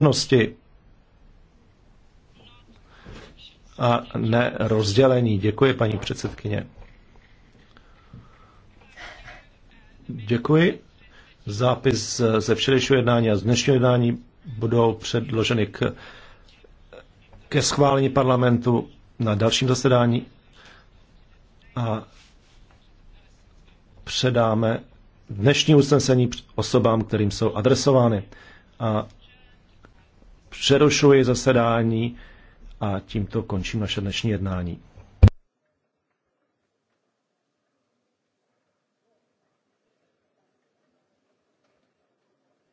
rovnosti a ne rozdělení. Děkuji, paní předsedkyně. Děkuji. Zápis ze včerejšího jednání a z dnešního jednání budou předloženy k, ke schválení parlamentu na dalším zasedání a předáme dnešní usnesení osobám, kterým jsou adresovány. A přerušuji zasedání a tímto končím naše dnešní jednání.